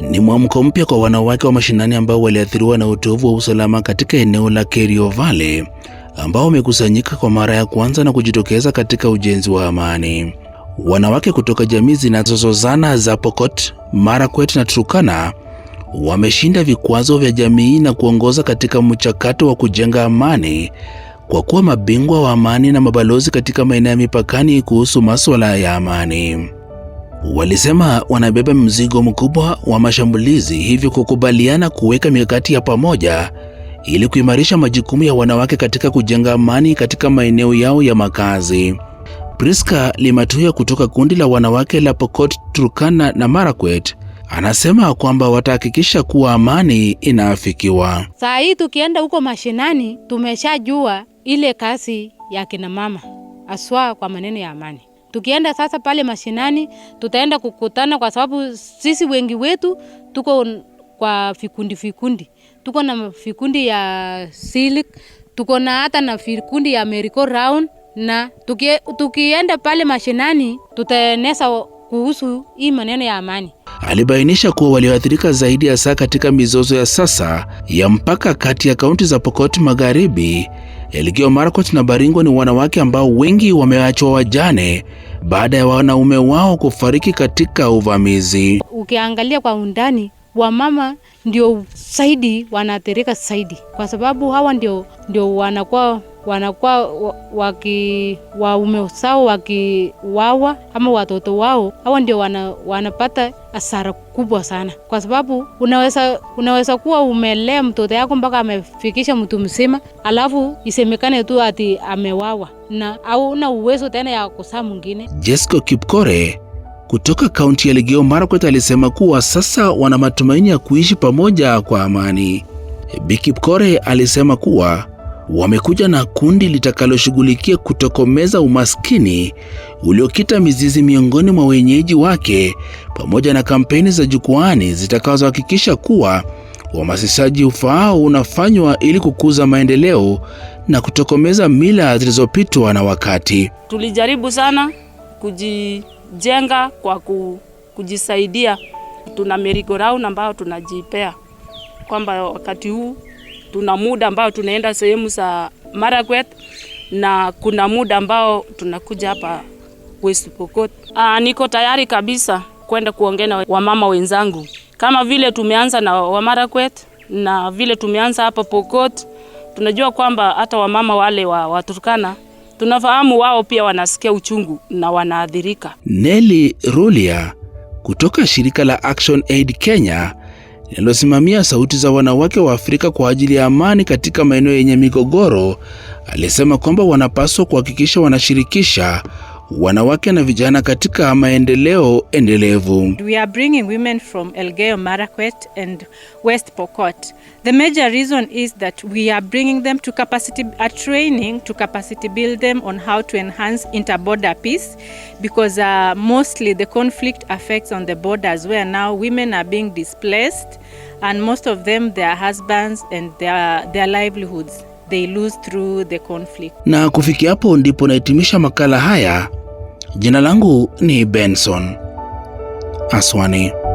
Ni mwamko mpya kwa wanawake wa mashinani ambao waliathiriwa na utovu wa usalama katika eneo la Kerio Valley ambao wamekusanyika kwa mara ya kwanza na kujitokeza katika ujenzi wa amani. Wanawake kutoka jamii zinazozozana za Pokot, Marakwet na Turkana wameshinda vikwazo vya jamii na kuongoza katika mchakato wa kujenga amani kwa kuwa mabingwa wa amani na mabalozi katika maeneo ya mipakani kuhusu masuala ya amani. Walisema wanabeba mzigo mkubwa wa mashambulizi, hivyo kukubaliana kuweka mikakati ya pamoja ili kuimarisha majukumu ya wanawake katika kujenga amani katika maeneo yao ya makazi. Priska Limatuya kutoka kundi la wanawake la Pokot, Turkana na Marakwet anasema kwamba watahakikisha kuwa amani inaafikiwa. Saa hii tukienda huko mashinani, tumeshajua ile kasi ya kina mama aswa kwa maneno ya amani Tukienda sasa pale mashinani, tutaenda kukutana, kwa sababu sisi wengi wetu tuko kwa vikundi vikundi, tuko na vikundi ya silik, tuko na hata na vikundi ya Merico round, na tukie, tukienda pale mashinani tutaeneza kuhusu hii maneno ya amani. Alibainisha kuwa walioathirika zaidi hasa katika mizozo ya sasa ya mpaka kati ya kaunti za Pokot Magharibi Elgeyo Marakwet na Baringo ni wanawake ambao wengi wameachwa wajane baada ya wanaume wao kufariki katika uvamizi. Ukiangalia kwa undani, wamama ndio zaidi wanaathirika zaidi, kwa sababu hawa ndio, ndio wanakuwa wanakuwa waki waume sao wakiwawa ama watoto wao, hawa ndio wana, wanapata hasara kubwa sana, kwa sababu unaweza unaweza kuwa umelea mtoto yako mpaka amefikisha mtu mzima, alafu isemekane tu ati amewawa na au una uwezo tena ya kusaa mwingine. Jesco Kipkore kutoka kaunti ya Elgeyo Marakwet alisema kuwa sasa wana matumaini ya kuishi pamoja kwa amani. Bi Kipkore alisema kuwa wamekuja na kundi litakaloshughulikia kutokomeza umaskini uliokita mizizi miongoni mwa wenyeji wake pamoja na kampeni za jukwaani zitakazohakikisha kuwa uhamasishaji ufaao unafanywa ili kukuza maendeleo na kutokomeza mila zilizopitwa na wakati. Tulijaribu sana kujijenga kwa ku, kujisaidia. Tuna merry-go-round ambayo tunajipea kwamba wakati huu tuna muda ambao tunaenda sehemu za Marakwet na kuna muda ambao tunakuja hapa West Pokot. Ah, niko tayari kabisa kwenda kuongea na wamama wenzangu kama vile tumeanza na Wamarakwet na vile tumeanza hapa Pokot. Tunajua kwamba hata wamama wale wa Waturkana tunafahamu wao pia wanasikia uchungu na wanaathirika. Nelly Rulia kutoka shirika la Action Aid Kenya linalosimamia sauti za wanawake wa Afrika kwa ajili ya amani katika maeneo yenye migogoro, alisema kwamba wanapaswa kuhakikisha wanashirikisha wanawake na vijana katika maendeleo endelevu. We are bringing women from Elgeyo Marakwet and West Pokot. The major reason is that we are bringing them to capacity a training to capacity build them on how to enhance interborder peace because uh, mostly the conflict affects on the borders where now women are being displaced and most of them their husbands and their, their livelihoods they lose through the conflict. Na kufikia hapo ndipo nahitimisha makala haya Jina langu ni Benson Aswani.